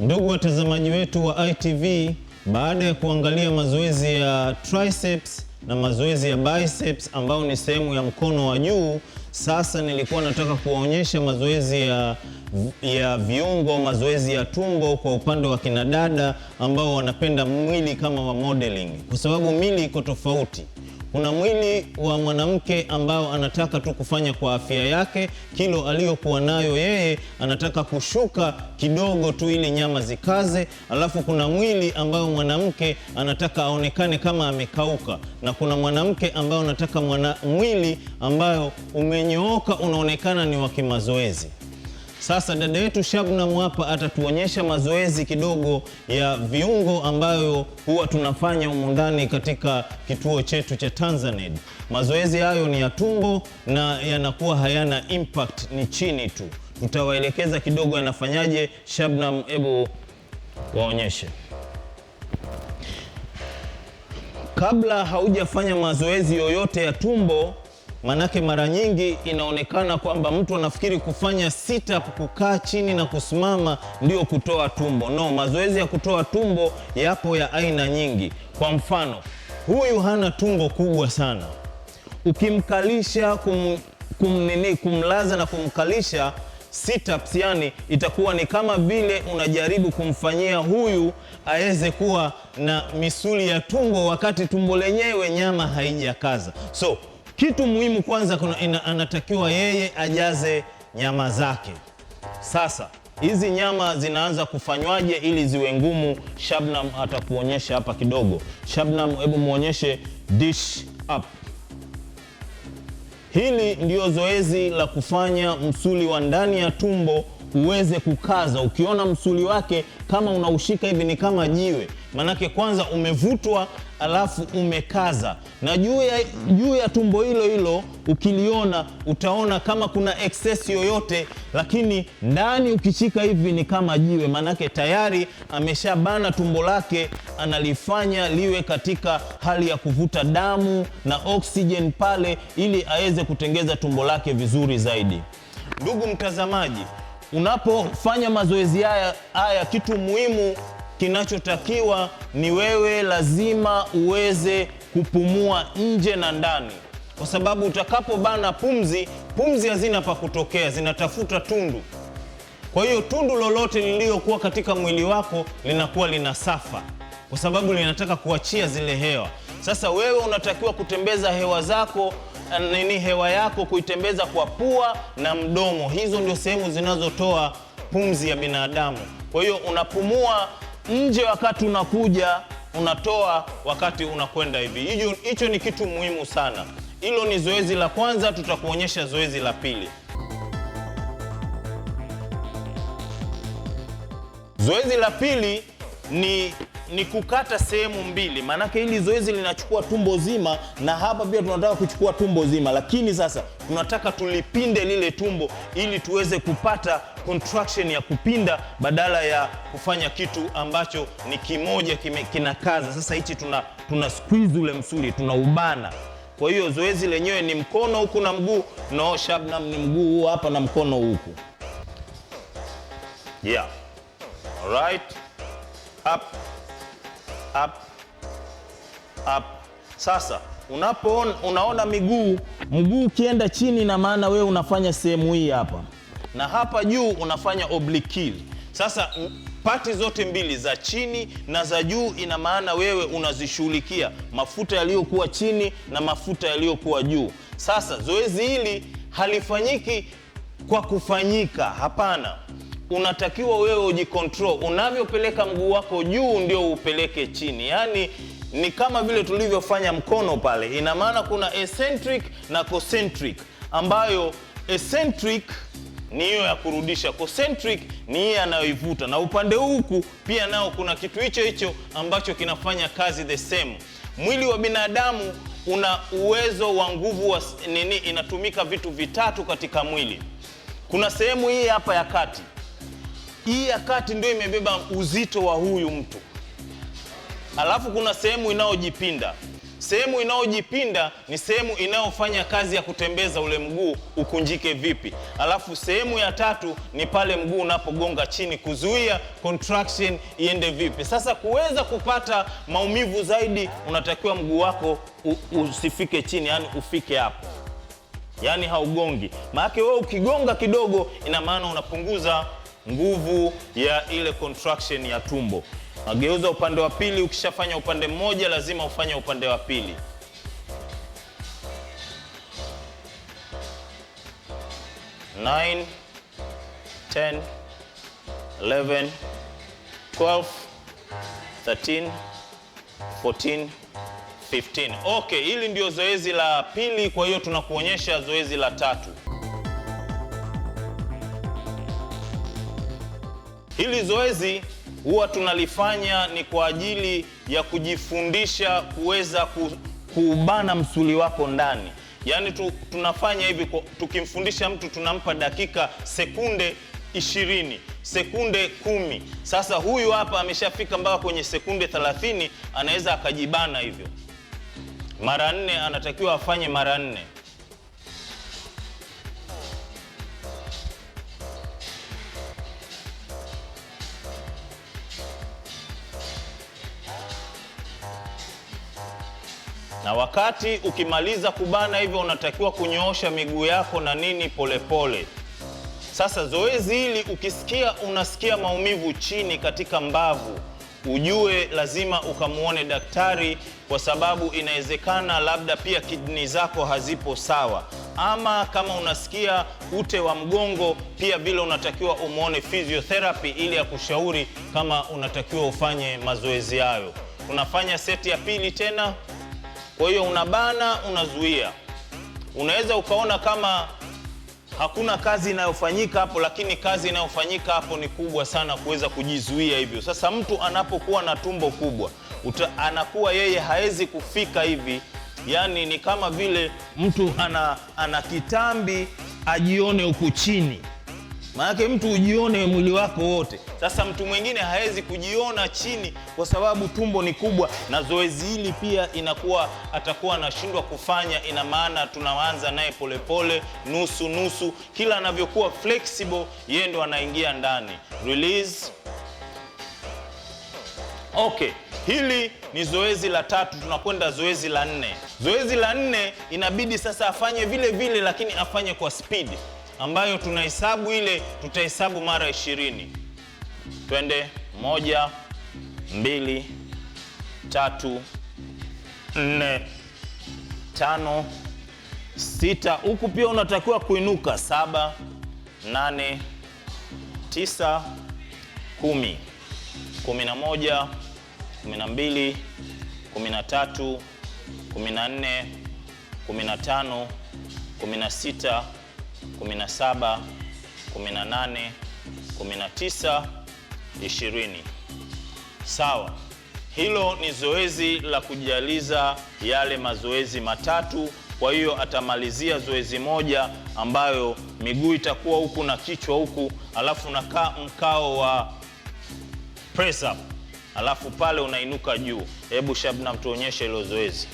Ndugu watazamaji wetu wa ITV, baada ya kuangalia mazoezi ya triceps na mazoezi ya biceps ambayo ni sehemu ya mkono wa juu, sasa nilikuwa nataka kuwaonyesha mazoezi ya, ya viungo, mazoezi ya tumbo kwa upande wa kinadada ambao wanapenda mwili kama wa modeling, kwa sababu mili iko tofauti. Kuna mwili wa mwanamke ambao anataka tu kufanya kwa afya yake, kilo aliyokuwa nayo yeye anataka kushuka kidogo tu ili nyama zikaze, alafu kuna mwili ambao mwanamke anataka aonekane kama amekauka, na kuna mwanamke ambao anataka mwana, mwili ambayo umenyooka unaonekana ni wa kimazoezi. Sasa dada yetu Shabnam hapa atatuonyesha mazoezi kidogo ya viungo ambayo huwa tunafanya humu ndani katika kituo chetu cha Tanzanid. Mazoezi hayo ni ya tumbo na yanakuwa hayana impact, ni chini tu. Tutawaelekeza kidogo yanafanyaje. Shabnam, hebu waonyeshe. Kabla haujafanya mazoezi yoyote ya tumbo Manake mara nyingi inaonekana kwamba mtu anafikiri kufanya sit up, kukaa chini na kusimama ndio kutoa tumbo. No, mazoezi ya kutoa tumbo yapo ya aina nyingi. Kwa mfano, huyu hana tumbo kubwa sana, ukimkalisha kum, kumnini kumlaza na kumkalisha sit ups, yani itakuwa ni kama vile unajaribu kumfanyia huyu aweze kuwa na misuli ya tumbo, wakati tumbo lenyewe nyama haijakaza so kitu muhimu kwanza, kuna ina, anatakiwa yeye ajaze nyama zake. Sasa hizi nyama zinaanza kufanywaje ili ziwe ngumu? Shabnam atakuonyesha hapa kidogo. Shabnam, hebu muonyeshe dish up. Hili ndio zoezi la kufanya msuli wa ndani ya tumbo uweze kukaza. Ukiona msuli wake kama unaushika hivi, ni kama jiwe, manake kwanza umevutwa alafu umekaza, na juu ya, juu ya tumbo hilo hilo ukiliona utaona kama kuna eksesi yoyote, lakini ndani ukishika hivi ni kama jiwe, maanake tayari ameshabana tumbo lake, analifanya liwe katika hali ya kuvuta damu na oksijen pale, ili aweze kutengeza tumbo lake vizuri zaidi. Ndugu mtazamaji, unapofanya mazoezi haya haya, kitu muhimu Kinachotakiwa ni wewe lazima uweze kupumua nje na ndani, kwa sababu utakapobana pumzi, pumzi hazina pa kutokea, zinatafuta tundu. Kwa hiyo tundu lolote liliyokuwa katika mwili wako linakuwa lina safa kwa sababu linataka kuachia zile hewa. Sasa wewe unatakiwa kutembeza hewa zako eh, nini, hewa yako kuitembeza kwa pua na mdomo. Hizo ndio sehemu zinazotoa pumzi ya binadamu. Kwa hiyo unapumua nje wakati unakuja unatoa wakati unakwenda hivi. Hicho ni kitu muhimu sana. Hilo ni zoezi la kwanza, tutakuonyesha zoezi la pili. Zoezi la pili ni ni kukata sehemu mbili, maanake hili zoezi linachukua tumbo zima, na hapa pia tunataka kuchukua tumbo zima, lakini sasa tunataka tulipinde lile tumbo ili tuweze kupata contraction ya kupinda badala ya kufanya kitu ambacho ni kimoja kinakaza. Sasa hichi tuna, tuna squeeze ule msuli tunaubana. Kwa hiyo zoezi lenyewe ni mkono huku na mguu no, Shabnam, ni mguu huu hapa na mkono huku yeah. Alright. Up up, up. Sasa unapo unaona miguu mguu ukienda chini, na maana wewe unafanya sehemu hii hapa na hapa juu unafanya oblique Sasa pati zote mbili za chini na za juu, ina maana wewe unazishughulikia mafuta yaliyokuwa chini na mafuta yaliyokuwa juu. Sasa zoezi hili halifanyiki kwa kufanyika, hapana unatakiwa wewe ujikontrol. Unavyopeleka mguu wako juu ndio upeleke chini, yaani ni kama vile tulivyofanya mkono pale. Ina maana kuna eccentric na concentric, ambayo eccentric ni hiyo ya kurudisha, concentric ni hiyo anayoivuta, na upande huku pia nao kuna kitu hicho hicho ambacho kinafanya kazi the same. Mwili wa binadamu una uwezo wa nguvu wa nini, inatumika vitu vitatu katika mwili. Kuna sehemu hii hapa ya kati hii ya kati ndio imebeba uzito wa huyu mtu, alafu kuna sehemu inayojipinda. Sehemu inayojipinda ni sehemu inayofanya kazi ya kutembeza ule mguu ukunjike vipi, alafu sehemu ya tatu ni pale mguu unapogonga chini kuzuia contraction iende vipi. Sasa kuweza kupata maumivu zaidi, unatakiwa mguu wako usifike chini, yani ufike hapo, yani haugongi. maake wewe ukigonga kidogo, ina maana unapunguza nguvu ya ile contraction ya tumbo. Nageuza upande wa pili. Ukishafanya upande mmoja, lazima ufanye upande wa pili. Nine, ten, eleven, twelve, thirteen, fourteen, fifteen. Okay, hili ndio zoezi la pili, kwa hiyo tunakuonyesha zoezi la tatu. Hili zoezi huwa tunalifanya ni kwa ajili ya kujifundisha kuweza kuubana msuli wako ndani. Yaani tu, tunafanya hivi tukimfundisha mtu tunampa dakika sekunde ishirini, sekunde kumi. Sasa huyu hapa ameshafika mpaka kwenye sekunde thelathini, anaweza akajibana hivyo. Mara nne anatakiwa afanye mara nne. na wakati ukimaliza kubana hivyo, unatakiwa kunyoosha miguu yako na nini polepole pole. Sasa zoezi hili ukisikia unasikia maumivu chini katika mbavu, ujue lazima ukamuone daktari, kwa sababu inawezekana labda pia kidney zako hazipo sawa, ama kama unasikia ute wa mgongo pia vile unatakiwa umuone physiotherapy ili akushauri kama unatakiwa ufanye mazoezi hayo. Unafanya seti ya pili tena. Kwa hiyo unabana, unazuia. Unaweza ukaona kama hakuna kazi inayofanyika hapo, lakini kazi inayofanyika hapo ni kubwa sana kuweza kujizuia hivyo. Sasa mtu anapokuwa na tumbo kubwa uta, anakuwa yeye hawezi kufika hivi, yaani ni kama vile mtu ana, ana kitambi ajione huku chini. Maanake mtu ujione mwili wako wote. Sasa mtu mwingine hawezi kujiona chini kwa sababu tumbo ni kubwa, na zoezi hili pia inakuwa atakuwa anashindwa kufanya. Ina maana tunaanza naye polepole, nusu nusu, kila anavyokuwa flexible, yeye ndo anaingia ndani. Release. Okay. Hili ni zoezi la tatu, tunakwenda zoezi la nne. Zoezi la nne inabidi sasa afanye vile vile, lakini afanye kwa spidi ambayo tunahesabu ile, tutahesabu mara ishirini. Twende moja, mbili, tatu, nne, tano, sita. Huku pia unatakiwa kuinuka saba, nane, tisa, kumi, kumi na moja, kumi na mbili, kumi na tatu, kumi na nne, kumi na tano, kumi na sita 17, Sawa, hilo ni zoezi la kujaliza yale mazoezi matatu. Kwa hiyo atamalizia zoezi moja ambayo miguu itakuwa huku na kichwa huku, alafu unakaa mkao wa press up, alafu pale unainuka juu. Hebu Shabnam tuonyeshe hilo zoezi.